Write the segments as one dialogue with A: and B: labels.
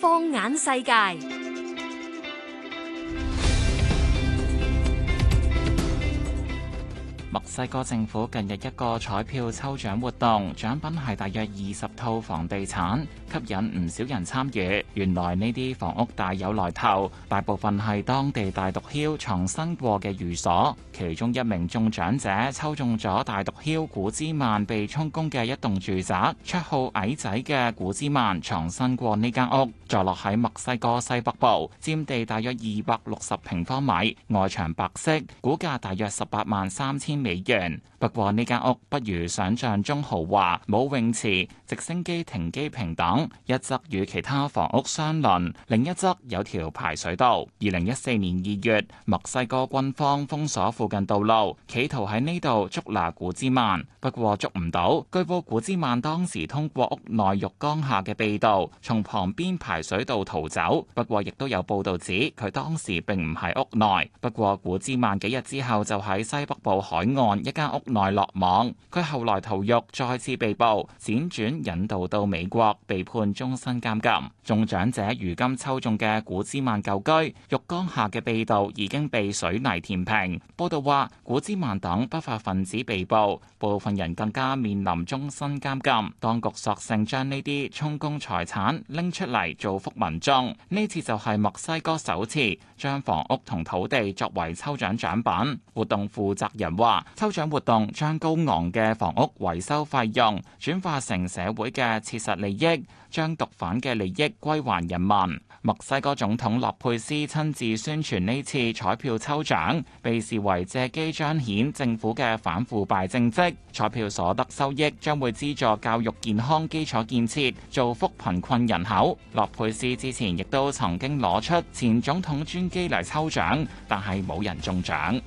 A: 放眼世界。墨西哥政府近日一個彩票抽獎活動，獎品係大約二十套房地產，吸引唔少人參與，原來呢啲房屋大有來頭，大部分係當地大毒梟藏身過嘅寓所。其中一名中獎者抽中咗大毒梟古茲曼被充公嘅一棟住宅，綽號矮仔嘅古茲曼藏身過呢間屋，坐落喺墨西哥西北部，佔地大約二百六十平方米，外牆白色，估價大約十八萬三千美元不過呢間屋不如想象中豪華，冇泳池、直升機停機坪等。一側與其他房屋相鄰，另一側有條排水道。二零一四年二月，墨西哥軍方封鎖附近道路，企圖喺呢度捉拿古茲曼，不過捉唔到。據報古茲曼當時通過屋內浴缸下嘅秘道，從旁邊排水道逃走。不過亦都有報道指佢當時並唔喺屋內。不過古茲曼幾日之後就喺西北部海岸，一間屋內落網，佢後來逃獄，再次被捕，輾轉引渡到美國，被判終身監禁。中獎者如今抽中嘅古茲曼舊居，浴缸下嘅秘道已經被水泥填平。報道話，古茲曼等不法分子被捕，部分人更加面臨終身監禁。當局索性將呢啲充公財產拎出嚟造福民眾。呢次就係墨西哥首次將房屋同土地作為抽獎獎品。活動負責人話。抽獎活動將高昂嘅房屋維修費用轉化成社會嘅切實利益，將毒販嘅利益歸還人民。墨西哥總統洛佩斯親自宣傳呢次彩票抽獎，被視為借機彰顯政府嘅反腐敗政績。彩票所得收益將會資助教育、健康基礎建設，造福貧困人口。洛佩斯之前亦都曾經攞出前總統專機嚟抽獎，但係冇人中獎。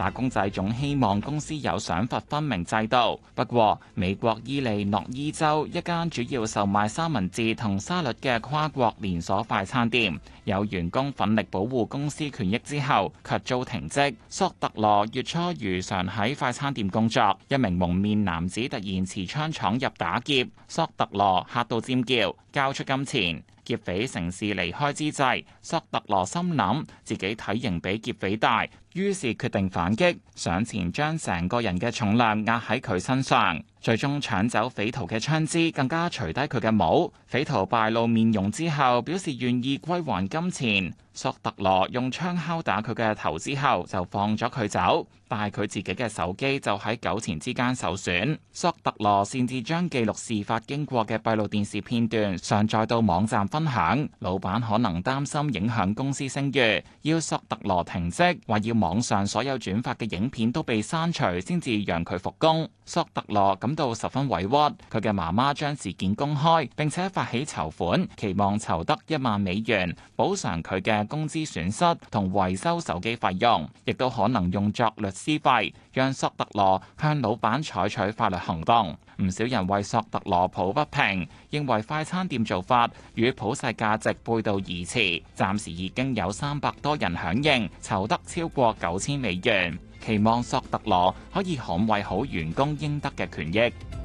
A: 打工仔總希望公司有賞罰分明制度。不過，美國伊利諾伊州一間主要售賣三文治同沙律嘅跨國連鎖快餐店，有員工奮力保護公司權益之後，卻遭停職。索特羅月初如常喺快餐店工作，一名蒙面男子突然持槍闖入打劫，索特羅嚇到尖叫，交出金錢。劫匪乘勢離開之際，索特羅心諗自己體型比劫匪大，於是決定反擊，上前將成個人嘅重量壓喺佢身上。最終搶走匪徒嘅槍支，更加除低佢嘅帽。匪徒敗露面容之後，表示願意歸還金錢。索特羅用槍敲打佢嘅頭之後，就放咗佢走。但係佢自己嘅手機就喺糾纏之間受損。索特羅擅自將記錄事發經過嘅閉路電視片段上載到網站分享。老闆可能擔心影響公司聲譽，要索特羅停職，話要網上所有轉發嘅影片都被刪除，先至讓佢復工。索特羅咁感到十分委屈，佢嘅媽媽將事件公開，並且發起籌款，期望籌得一萬美元補償佢嘅工資損失同維修手機費用，亦都可能用作律師費，讓索特羅向老闆採取法律行動。唔少人為索特羅抱不平，認為快餐店做法與普世價值背道而馳。暫時已經有三百多人響應，籌得超過九千美元，期望索特羅可以捍衞好員工應得嘅權益。